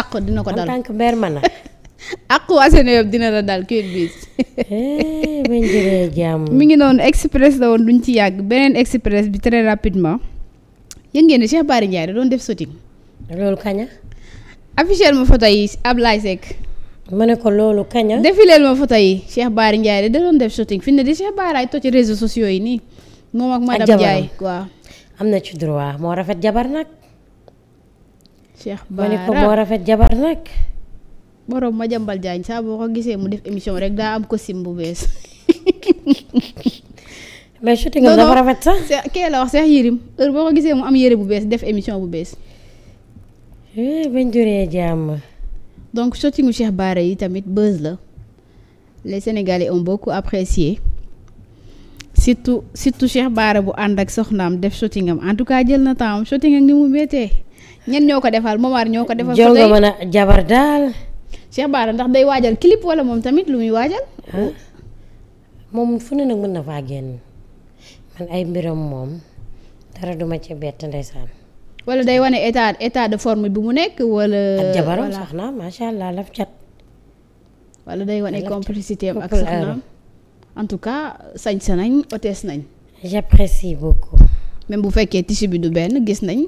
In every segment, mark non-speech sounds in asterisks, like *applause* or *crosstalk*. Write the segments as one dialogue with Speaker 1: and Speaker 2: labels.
Speaker 1: àq dina ko dal en tant que ma na àq waa dina la dal kayit bi. bañ
Speaker 2: jëlee *laughs*
Speaker 1: ngi noonu express la woon duñ ci yàgg beneen express bi très rapidement yëg ngeen ne Cheikh Bara doon def shooting. loolu kaña. afficheel ma photo yi Ablaye Seck. ma ne ko loolu kaña. defileel ma photo yi Cheikh Bara Ndiaye da doon def shooting fi ne di Cheikh Bara ay toj ci sociaux yi nii. moom ak madame Ndiaye waaw. am na ci
Speaker 2: droit moo rafet jabar nag.
Speaker 1: Cheikh Bara ma boo rafet jabar nag. borom ma jambal jaañ saa boo ko gisee mu def émission rek daa am ko sim bu bees. *laughs* mais shooting am dafa rafet sax. kee la wax Cheikh Yérim heure boo ko gisee mu am yére bu bees def émission bu bees. Eh, bañ juree jàmm. donc shootingu Cheikh Bara yi tamit buzz la les Sénégalais ont beaucoup apprécié. surtout surtout Cheikh baara bu ànd ak soxnaam def shooting am en tout cas jël na temps am ak ni mu beetee ñen ñoo ko defal Momar ñoo ko defal. jël nga a jabar daal. Cheikh Bara ndax day waajal clip wala moom tamit lu muy waajal. Ah.
Speaker 2: moom fu ne nag mën na faa génn man ay mbiram moom dara duma ci bett ndeysaan.
Speaker 1: wala day wane état état de forme bi mu nekk wala. ak jabaram soxnaam macha allah laf cat. wala day wane complicité ak soxnaam. en tout cas sañse nañ otees nañ. j'apprécie beaucoup. même bu fekkee tissu bi du benn gis nañ.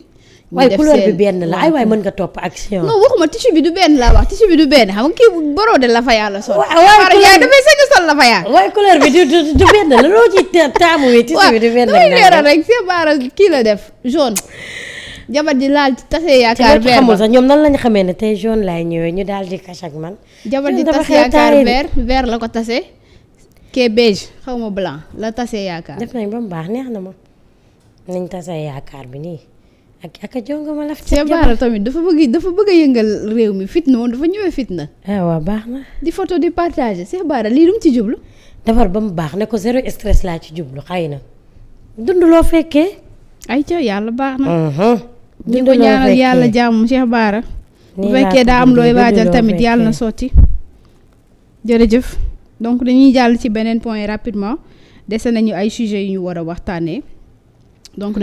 Speaker 2: waaye couleur bi benn la ay waay mën
Speaker 1: nga topp action. non waxuma tissu bi du benn laa wax tissu bi du benn xam nga kii borode la yàlla sol. waaw waaye dafay a sol la la loo ci taamu wi. tissu kii la def jaune. jabar ji laal tase yaakaar vert xamul sax ñoom nan lañ xamee ne tey jaune laay ñëwee ñu
Speaker 2: daal di kàcc ak man.
Speaker 1: ji tase yaakaar vert la ko tase. kee beige xaw ma blanc la tase yaakaar. def nañ baax neex na ma
Speaker 2: nañ tase yaakaar bi nii ak ak a ma laf. baara
Speaker 1: tamit dafa bëgg dafa bëgg yëngal réew mi fitna woon dafa ñëwee fitna. Ah, baax na. di photo di partager Cheikh Bara lii lu ci jublu.
Speaker 2: defar ba mu baax ne ko zéro stress laa ci jublu xay na. dund loo fekkee.
Speaker 1: ay ca yàlla baax na.
Speaker 2: ñu mhm. ko ñaanal yàlla
Speaker 1: jàmm Cheikh Bara. bu fekkee daa am looy waajal tamit yàlla na sotti jërëjëf. donc dañuy jàll ci beneen point rapidement dese nañu ay sujets yu ñu war a waxtaanee donc